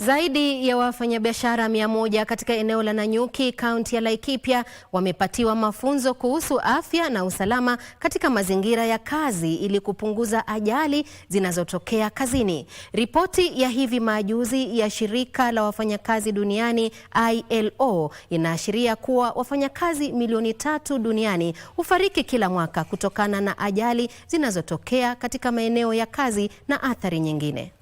Zaidi ya wafanyabiashara mia moja katika eneo la Nanyuki, kaunti ya Laikipia wamepatiwa mafunzo kuhusu afya na usalama katika mazingira ya kazi ili kupunguza ajali zinazotokea kazini. Ripoti ya hivi majuzi ya shirika la wafanyakazi duniani ILO inaashiria kuwa wafanyakazi milioni tatu duniani hufariki kila mwaka kutokana na ajali zinazotokea katika maeneo ya kazi na athari nyingine.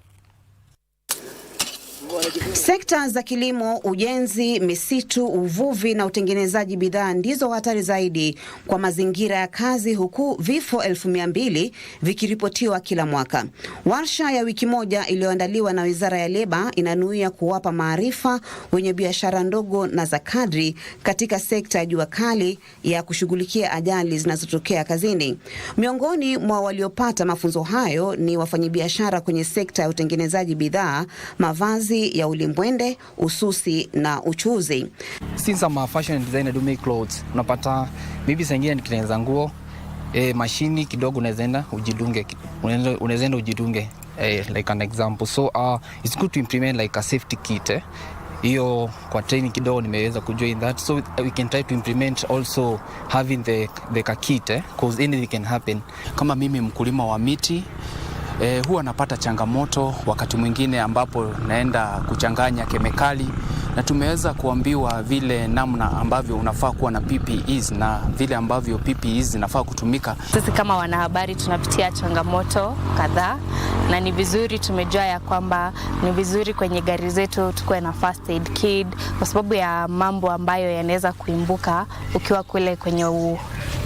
Sekta za kilimo, ujenzi, misitu, uvuvi na utengenezaji bidhaa ndizo hatari zaidi kwa mazingira ya kazi, huku vifo elfu mia mbili vikiripotiwa kila mwaka. Warsha ya wiki moja iliyoandaliwa na Wizara ya Leba inanuia kuwapa maarifa wenye biashara ndogo na za kadri katika sekta ya jua kali ya kushughulikia ajali zinazotokea kazini. Miongoni mwa waliopata mafunzo hayo ni wafanyabiashara kwenye sekta ya utengenezaji bidhaa, mavazi mavazi ya ulimbwende, ususi na uchuzi. Since I'm a fashion designer do make clothes, unapata maybe sengine nikitengeneza nguo e, mashini kidogo unawezaenda ujidunge, unawezaenda ujidunge e, like an example so uh, it's good to implement like a safety kit eh? hiyo kwa training kidogo nimeweza kujoin that so we can try to implement also having the, the kakite, eh? cause anything can happen. Kama mimi mkulima wa miti E, huwa napata changamoto wakati mwingine ambapo naenda kuchanganya kemikali na tumeweza kuambiwa vile namna ambavyo unafaa kuwa na PPEs na vile ambavyo PPEs zinafaa kutumika. Sisi kama wanahabari tunapitia changamoto kadhaa, na ni vizuri tumejua ya kwamba ni vizuri kwenye gari zetu tukuwe na first aid kit, kwa sababu ya mambo ambayo yanaweza kuimbuka ukiwa kule kwenye u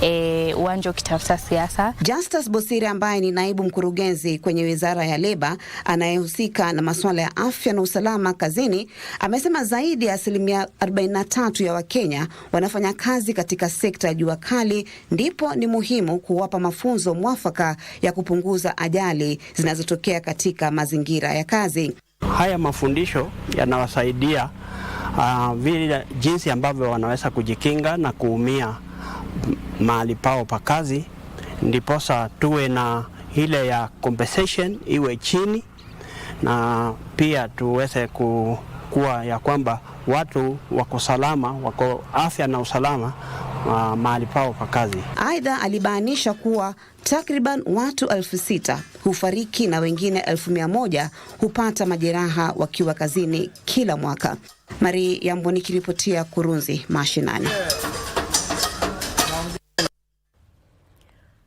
E, uwanja e, ukitafuta siasa. Justus Bosire ambaye ni naibu mkurugenzi kwenye wizara ya leba anayehusika na masuala ya afya na usalama kazini amesema zaidi ya asilimia 43 ya Wakenya wanafanya kazi katika sekta ya jua kali, ndipo ni muhimu kuwapa mafunzo mwafaka ya kupunguza ajali zinazotokea katika mazingira ya kazi. Haya mafundisho yanawasaidia uh, vile jinsi ambavyo wanaweza kujikinga na kuumia mahali pao pa kazi, ndiposa tuwe na ile ya compensation iwe chini, na pia tuweze kuwa ya kwamba watu wako salama, wako afya na usalama uh, mahali pao pa kazi. Aidha, alibainisha kuwa takriban watu elfu sita hufariki na wengine elfu mia moja hupata majeraha wakiwa kazini kila mwaka. Mari Yambo nikiripotia Kurunzi Mashinani.